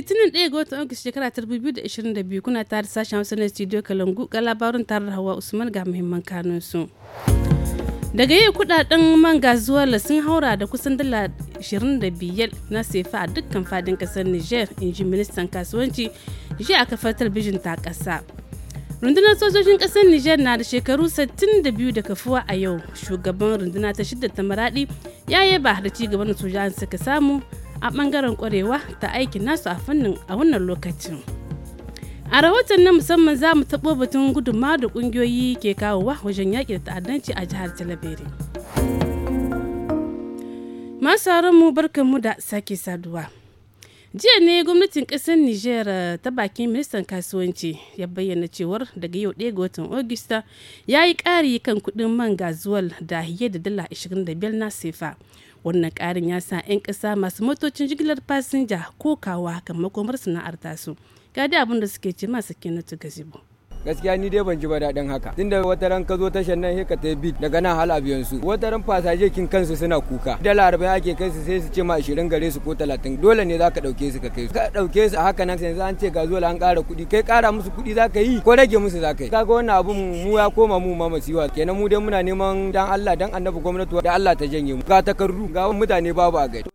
litinin ɗaya ga watan agus shekara ta biyu kuna tare sashen hausa na studio kalangu ga labarin tare da hawa usman ga muhimman kanun su daga yau kudaden man la sun haura da kusan dala 25 na sefa a dukkan fadin kasar niger in ji ministan kasuwanci ji a kafar talabijin ta ƙasa rundunar sojojin kasar niger na da shekaru 62 da kafuwa a yau shugaban runduna ta shidda ta maradi ya yaba da ci gaban sojan suka samu a bangaren kwarewa ta aikin nasu a fannin a wannan lokacin a rahoton na musamman za mu taɓo batun gudunmawa da ƙungiyoyi ke kawowa wajen yaƙi da ta'addanci a jihar talabere masu mu barkanmu da sake saduwa jiya ne gwamnatin ƙasar Nijera eh, ta bakin ministan kasuwanci ya bayyana cewar daga yau ɗaya ga watan ogista ya yi ƙari kan kuɗin man gazuwal da hiye da dala 25 na sefa wannan ƙarin ya sa 'yan ƙasa masu motocin jigilar fasinja kawa, kan makomar sana'ar tasu ga abin da suke ce masu kenatu gazibo gaskiya ni dai ban ji ba daɗin haka tunda wata ran ka zo tashar nan sai ka ta bit daga nan hal abiyan su wata ran fasaje kin kansu suna kuka dala arba'in ake kai su sai su ce ma ashirin gare su ko talatin dole ne zaka ɗauke su ka kai su ka ɗauke su haka nan sai an ce ga zuwa an ƙara kuɗi kai ƙara musu kuɗi zaka yi ko rage musu zaka yi kaga wannan abun mu ya koma mu ma masiwa kenan mu dai muna neman dan Allah dan annabi gwamnati da Allah ta janye mu ga takarru ga mutane babu a gari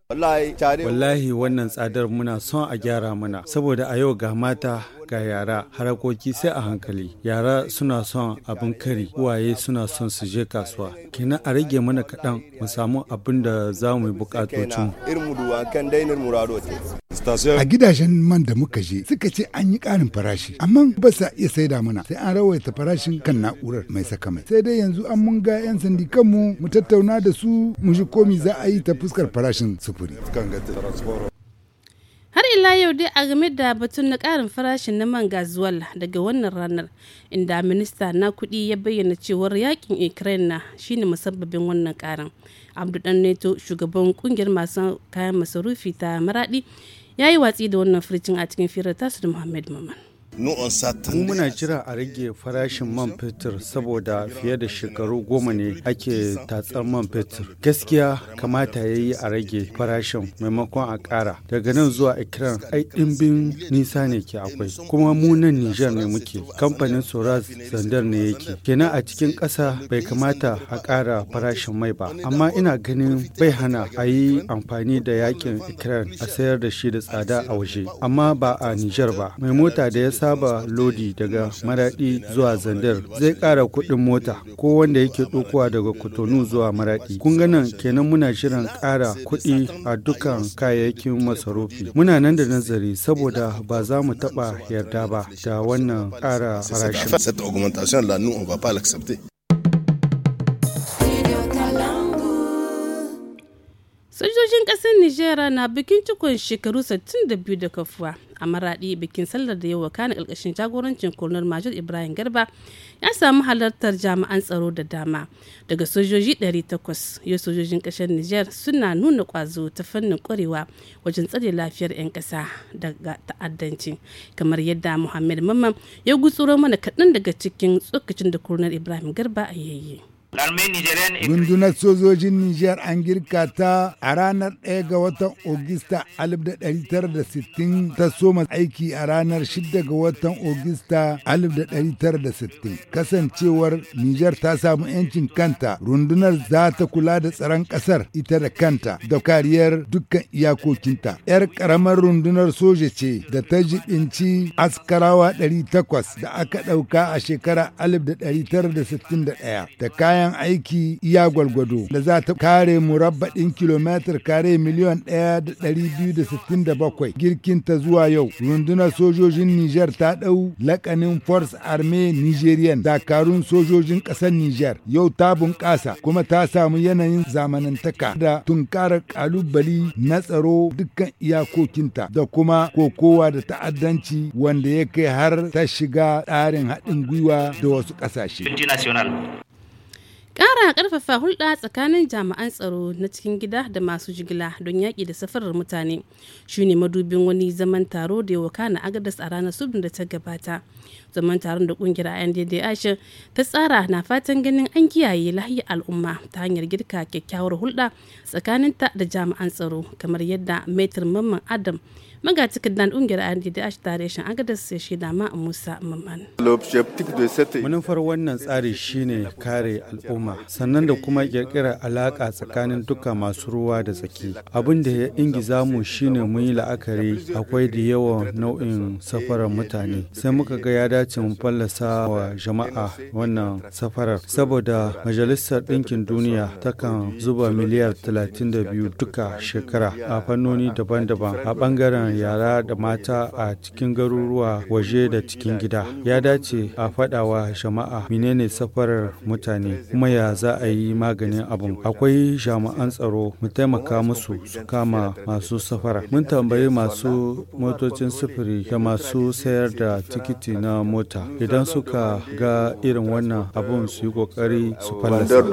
wallahi wannan tsadar muna son a gyara mana saboda a yau ga mata ga yara harakoki sai a hankali yara suna son abin kari uwaye suna son su je kasuwa kenan a rage mana kaɗan mu samu abin da za mu yi bukatocin a gidajen man da muka je suka ce an yi ƙarin farashi amma ba sa iya saida mana sai an rawaita farashin kan na'urar mai saka mai sai dai yanzu an mun ga 'yan kanmu mu tattauna da su mu ji komi za a yi ta fuskar farashin sufuri har ila yau dai a game da batun na karin farashin na man gazuwal daga wannan ranar inda minista na kudi ya bayyana cewar yakin ukraine na shine musabbabin wannan karin abdu dan neto shugaban kungiyar masu kayan masarufi ta maradi ya yi watsi da wannan firicin a cikin firar tasu da muhammad maman Mu muna jira a rage farashin man fetur saboda fiye da shekaru goma ne ake tatsar man fetur. Gaskiya kamata ya yi a rage farashin maimakon a ƙara. Daga nan zuwa Ikiran ai ɗimbin nisa ne ke akwai. Kuma mu nan Nijar ne muke. Kamfanin Soraz Zandar ne yake. Kenan a cikin ƙasa bai kamata a ƙara farashin mai ba. Amma ina ganin bai hana a yi amfani da yakin Ikiran a sayar da shi da tsada a waje. Amma ba a Nijar ba. Mai mota da ya saba lodi daga maraɗi zuwa zandar zai ƙara kuɗin mota ko wanda yake ɗaukowa daga kotonu zuwa maraɗi kun kenan muna shirin ƙara kuɗi a dukkan kayayyakin masarufi muna nan da nazari saboda ba za mu taɓa yarda ba da wannan ƙara farashin sojojin kasar nijar na bikin cikon shekaru 62 da kafuwa a maraɗi bikin sallar da yawa kana ƙarƙashin jagorancin kornar major ibrahim garba ya samu halartar jami'an tsaro da dama daga sojoji 800 yau sojojin kasar nijar suna nuna ƙwazo ta fannin kwarewa wajen tsare lafiyar 'yan ƙasa daga ta'addanci kamar yadda muhammad mamman ya gutsuro mana kaɗan daga cikin tsokacin da kurnar ibrahim garba a yayi. Rundunar sojojin Nijar an girka ta a ranar 1 ga watan Ogista 1960 ta soma aiki a ranar 6 ga watan Ogista 1960. Kasancewar Nijar ta samu 'yancin kanta, rundunar za ta kula da tsaron ƙasar ita da kanta da kariyar dukkan iyakokinta. 'Yar ƙaramar rundunar soja ce da ta jibinci askarawa 800 da aka ɗauka a shekara 1961 da kayan kayan aiki iya gwalgwado da za ta kare murabba'in kilomitar kare miliyan 1,267 ta zuwa yau. Rundunar sojojin niger ta ɗau lakanin Force Army Nigerian dakarun sojojin ƙasar niger yau ta bunƙasa kuma ta samu yanayin zamanantaka da tunkarar ƙalubali na tsaro dukkan iyakokinta da kuma kokowa da ta'addanci wanda ya kai har ta shiga tsarin haɗin gwiwa da wasu ƙasashe. Ƙara ƙarfafa hulɗa tsakanin jami'an tsaro na cikin gida da masu jigila don yaƙi da safarar mutane shi ne madubin wani zaman taro da ya wakana agadas a ranar subin da ta gabata. Zaman taron da ƙungiyar daidai ashe ta tsara na fatan ganin an kiyaye lahiya al'umma ta hanyar girka kyakkyawar hulɗa tsakaninta da jami'an tsaro kamar yadda Maitar Mamman Adam magatakardan ƙungiyar RDDH Tarishin sai shi da ma Musa Mamman. Manufar wannan tsari shine kare al'umma sannan da kuma kirkira alaka tsakanin duka masu ruwa da tsaki. Abin da ya ingiza mu shine mun yi la'akari akwai da yawan nau'in safarar mutane. Sai muka ga ya dace mu fallasa wa jama'a wannan safarar saboda majalisar ɗinkin duniya takan zuba miliyar 32 duka shekara a fannoni daban-daban a ɓangaren yara da mata a cikin garuruwa waje da cikin gida ya dace a faɗawa jama'a menene safarar mutane kuma ya za a yi maganin abin akwai jami'an tsaro mu taimaka musu su kama masu safara mun tambayi masu motocin sufuri da masu sayar da tikiti na mota idan suka ga irin wannan abun su yi kokari su falasa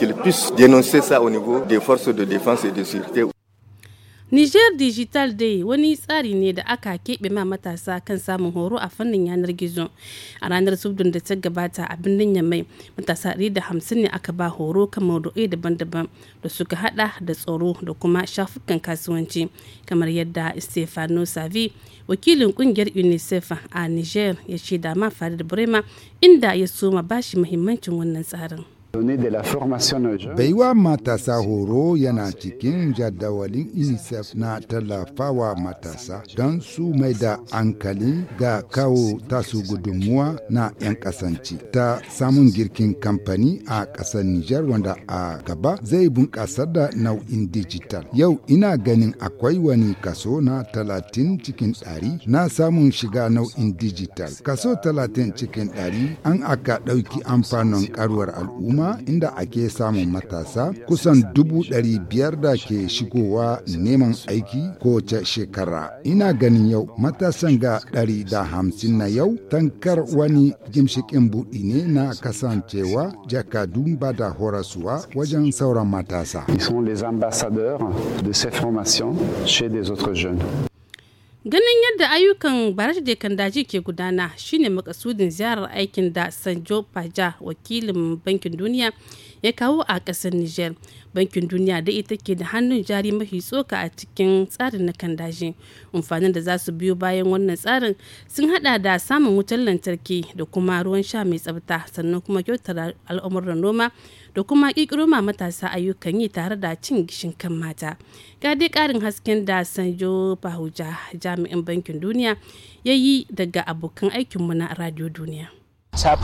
Niger Digital Day wani tsari ne da aka keɓe ma matasa kan samun horo a fannin yanar gizo. A ranar subdun da ta gabata a birnin Yamai, matasa da hamsin ne aka ba horo kan maudu'i daban-daban da suka hada da tsaro da kuma shafukan kasuwanci kamar yadda Stefano Savi wakilin kungiyar UNICEF a Niger ya ce da ma da Burema inda ya soma bashi muhimmancin wannan tsarin. Baiwa matasa horo yana cikin jadawalin UNICEF na tallafawa matasa don su mai da hankali ga kawo tasu gudunmuwa na 'yan kasance ta samun girkin kamfani a ƙasar Nijar wanda a gaba zai bunƙasar da nau'in dijital. Yau ina ganin akwai wani kaso na talatin cikin 100 na samun shiga nau'in dijital. Kaso talatin cikin 100 an aka ɗauki amfanin karuwar al'umma noma inda ake samun matasa kusan dubu ɗari biyar da ke shigowa neman aiki kowace shekara. Ina ganin yau matasan ga ɗari da hamsin na yau tankar wani gimshikin buɗi ne na kasancewa jakadun ba da horaswa wajen sauran matasa. Ils sont les ambassadeurs de ces formations chez des autres jeunes. Ganin yadda ayyukan Barash da daji ke gudana shine makasudin ziyarar aikin da Sanjo Paja wakilin Bankin Duniya ya kawo a ƙasar Nijar. Bankin duniya da ita ke da hannun jari mafi tsoka a cikin tsarin na kan daji. Amfanin da za su biyo bayan wannan tsarin sun hada da samun wutar lantarki da kuma ruwan sha mai tsafta sannan kuma kyautar al'amuran noma da kuma ƙirƙiro ma matasa ayyukan yi tare da cin gishin kan mata. Ga dai ƙarin hasken da Sanjo Bahuja jami'in Bankin Duniya ya yi daga abokan aikinmu na Radio Duniya. Ça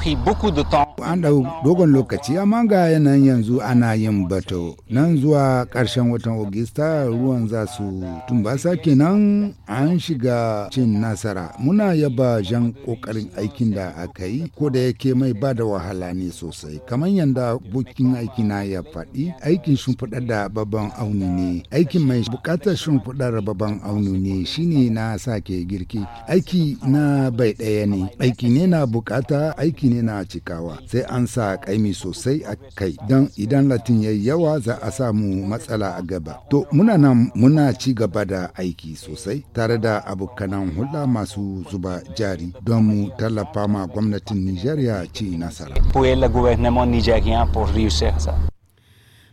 an ɗau dogon lokaci amma ga yanayin yanzu ana yin bato nan zuwa ƙarshen watan ogista ruwan za su tumbasa kenan an shiga cin nasara muna yaba jan ƙoƙarin aikin da aka yi ko da yake mai ba da wahala ne sosai kamar yadda bukin aiki na ya faɗi aikin shimfiɗar da babban auni ne aikin mai buƙatar shimfiɗar babban auni ne shine na sake girki aiki na bai ɗaya ne aiki ne na buƙata aiki ne na cikawa sai an sa kaimi sosai a kai don idan latin yayi yawa za a samu matsala a gaba to muna nan muna ci gaba da aiki sosai tare da abokanan hula masu zuba jari don mu tallafa ma gwamnatin nigeria ci nasara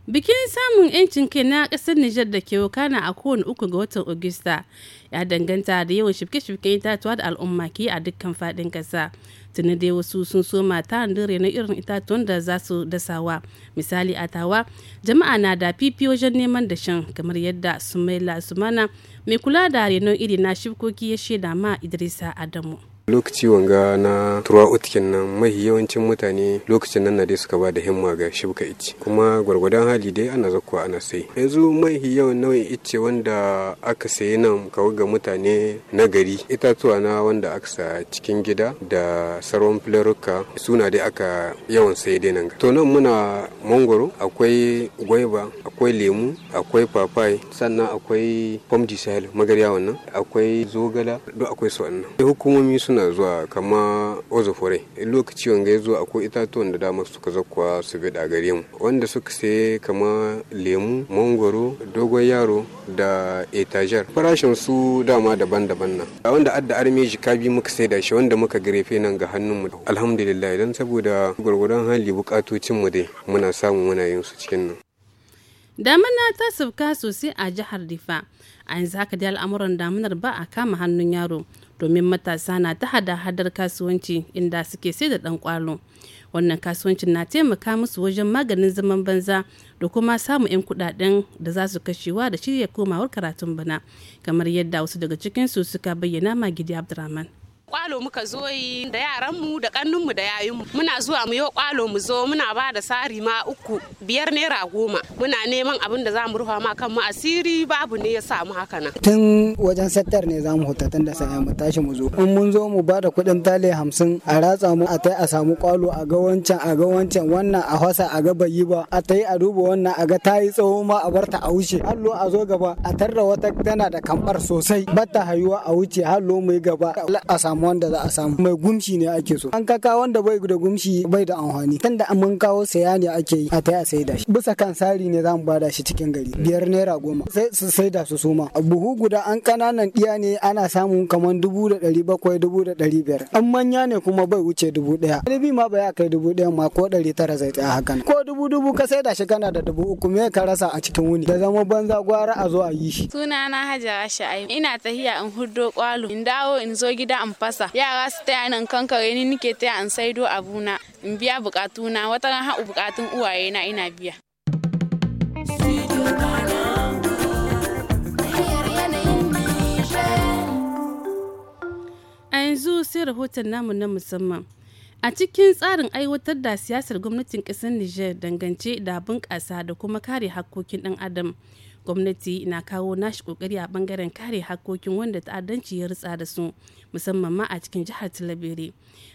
Bikin samun 'yancin kai na ƙasar Nijar da ke wakana a kowane uku ga watan Agusta ya danganta da yawan shifke-shifken itatuwa da al'umma ke a dukkan faɗin ƙasa. Tuni dai wasu sun so mata dare na irin itatuwan da za su dasawa. Misali a tawa, jama'a na da fifi wajen neman dashen kamar yadda Sumaila mana, mai kula da renon iri na shifkoki ya shaida ma Idrisa Adamu. lokaci wanga na utkin nan, mahi yawancin mutane lokacin nan na dai suka ba da himma ga shibka ice kuma gwargwadon hali dai ana zakkuwa ana sai yanzu mahi yawan nau'in ice wanda aka sayi nan kawo ga mutane na gari itatuwa na wanda aka sa cikin gida da sarwan filaruka suna dai aka yawan sayi dai nan to nan muna mangoro akwai gwaiba akwai lemu akwai papai sannan akwai pomdi sahel magarya wannan akwai zogala duk akwai su wannan hukumomi suna suna zuwa kama ozofore in lokaci wanga ya zo akwai itatuwan da dama suka zakwa su bida gare mu wanda suka saya kama lemu mangoro dogon yaro da etajar farashin su dama daban-daban nan wanda adda arme jika muka sai da shi wanda muka garefe nan ga hannun mu alhamdulillah don saboda gwargwadon hali bukatocin mu dai muna samu muna yin su cikin nan damina ta sauka sosai a jihar difa a yanzu haka da al'amuran damunar ba a kama hannun yaro domin matasa na ta hada-hadar kasuwanci inda suke sai da ɗan kwalo wannan kasuwancin na taimaka musu wajen maganin zaman banza da kuma samun 'yan kudaden da za su kashewa da shirya komawar karatun bana kamar yadda wasu daga cikinsu suka bayyana ma gidi abdurrahman kwalo muka zo yi da yaranmu da kannunmu da yayinmu muna zuwa mu yau kwalo mu zo muna ba da sari ma uku biyar naira goma muna neman abin da za mu rufa ma kanmu asiri babu ne ya samu haka nan tun wajen sattar ne za mu huta tun da sanya mu tashi mu zo in mun zo mu ba da kuɗin tale hamsin a ratsa mu a tai a samu kwalo a ga wancan a ga wancan wannan a hasa a ga bayi ba a tai a duba wannan a ga tayi tsawo ma a barta a wuce hallo a zo gaba a tarra wata tana da kambar sosai batta hayuwa a wuce hallo mu yi gaba a samu wanda za a samu mai gumshi ne ake so an kaka wanda bai da gumshi bai da amfani tunda mun kawo saya ne ake yi a ta sai da shi bisa kan sari ne zamu bada shi cikin gari biyar naira goma sai su sai da su suma buhu guda an kananan diya ne ana samun kamar dubu da ɗari bakwai dubu da ɗari biyar an manya ne kuma bai wuce dubu ɗaya ɗalibi ma bai kai dubu ɗaya ma ko ɗari tara zai tsaya haka ko dubu dubu ka sai da shi kana da dubu uku me ka rasa a cikin wuni da zama banza gwara a zo a yi shi sunana hajara sha'ayi ina tahiya in huddo kwalo in dawo in zo gida in fasa yara su taya nan kankare ni nike taya in saido abuna in biya bukatuna wata ran haɓu bukatun uwaye na ina biya a yanzu sai rahoton namu na musamman a cikin tsarin aiwatar da siyasar gwamnatin ƙasar niger dangance da bunƙasa da kuma kare hakkokin ɗan adam gwamnati na kawo nashi kokari a bangaren kare hakokin wanda ta'addanci ya ritsa da su musamman ma a cikin jihar talabere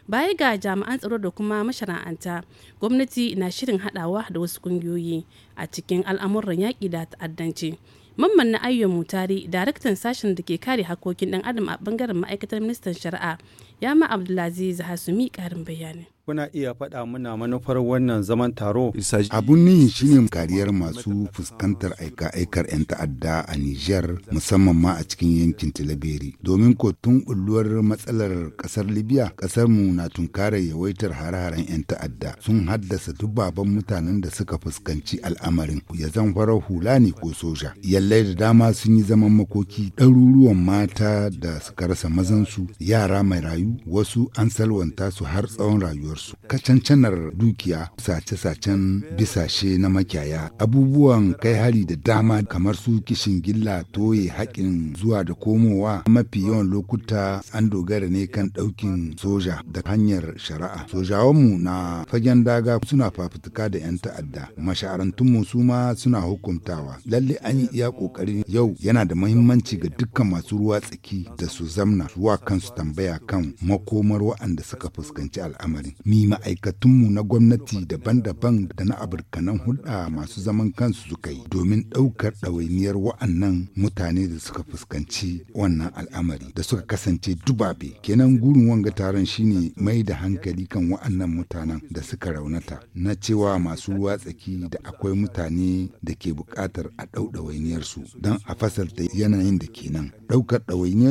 baya ga jami'an tsaro da kuma mashara'anta gwamnati na shirin hadawa da wasu kungiyoyi a cikin al'amuran yaƙi da ta'addanci mamman na ayyo mutari daraktan sashen da ke kare hakokin dan adam a bangaren ma'aikatar ministan shari'a Yama Abdulaziz Hasumi karin bayanin. kuna iya faɗa muna manufar wannan zaman taro? Abun nihin shine kariyar masu fuskantar aika-aikar 'yan ta'adda a Nijar musamman ma a cikin yankin Tilaberi. Domin ko tun bulluwar matsalar ƙasar Libya, ƙasar mu na tunkara yawaitar hare-haren 'yan ta'adda sun haddasa dubaban mutanen da suka fuskanci al'amarin ya zan farar hula ne ko soja. Yallai da dama sun yi zaman makoki ɗaruruwan mata da suka rasa mazansu, yara mai rayu wasu an salwanta su har tsawon rayuwarsu kacancanar dukiya sace-sacen bisashe na makiyaya abubuwan kai hari da dama kamar su kishin gilla toye haƙin zuwa da komowa mafi yawan lokuta an dogara ne kan ɗaukin soja da hanyar shari'a sojawanmu na fagen daga suna fafutuka da 'yan ta'adda masha'arantunmu su ma suna hukuntawa lalle an yi iya ƙoƙarin yau yana da muhimmanci ga dukkan masu ruwa tsaki da su zamna ruwa kansu tambaya kan makomar waɗanda suka fuskanci al'amarin. Ni ma'aikatunmu na gwamnati daban-daban da na abirkanan hulɗa masu zaman kansu suka yi domin ɗaukar ɗawainiyar waɗannan mutane da suka fuskanci wannan al'amari da suka kasance dubabe. Kenan gurin wanga taron shine mai da hankali kan waɗannan mutanen da suka raunata na cewa masu ruwa tsaki da akwai mutane da ke buƙatar a ɗau ɗawainiyarsu don a fasalta yanayin da kenan ɗaukar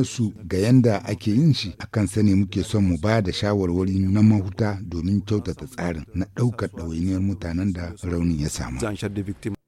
su ga yanda ake yin shi akan sani muke son mu ba da shawarwari na mahuta domin kyautata tsarin na ɗaukar ɗawainiyar mutanen da raunin ya samu.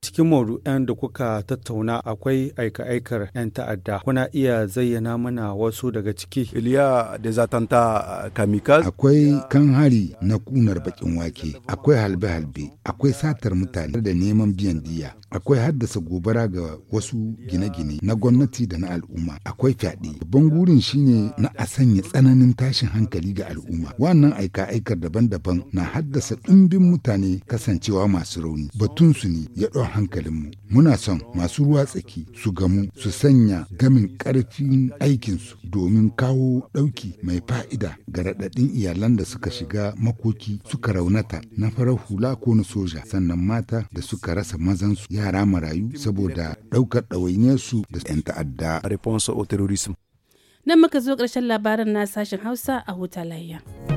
Cikin ɗan da kuka tattauna akwai aika-aikar 'yan ta'adda. Kuna iya zayyana mana wasu daga ciki. Iliya da zatanta kamikaz. Akwai kan hari na kunar bakin wake, akwai halbe-halbe, akwai satar mutane da neman biyan diya, akwai haddasa gobara ga wasu gine-gine na gwamnati da na al'umma, akwai fyaɗe. Babban gurin shine na a sanya tsananin tashin hankali ga al'umma. Wannan aika-aikar daban-daban na haddasa ɗumbin mutane kasancewa masu rauni. Batunsu ne ya ɗau hankalinmu muna son masu ruwa tsaki su gamu su sanya gamin ƙarfin aikinsu domin kawo ɗauki mai fa'ida ga raɗaɗin iyalan da suka shiga makoki suka raunata na farar hula ko na soja sannan mata da suka rasa mazansu yara marayu saboda ɗaukar ɗawainiyarsu da 'yan ta'adda. Nan muka zo ƙarshen labarin na sashen Hausa a huta layya.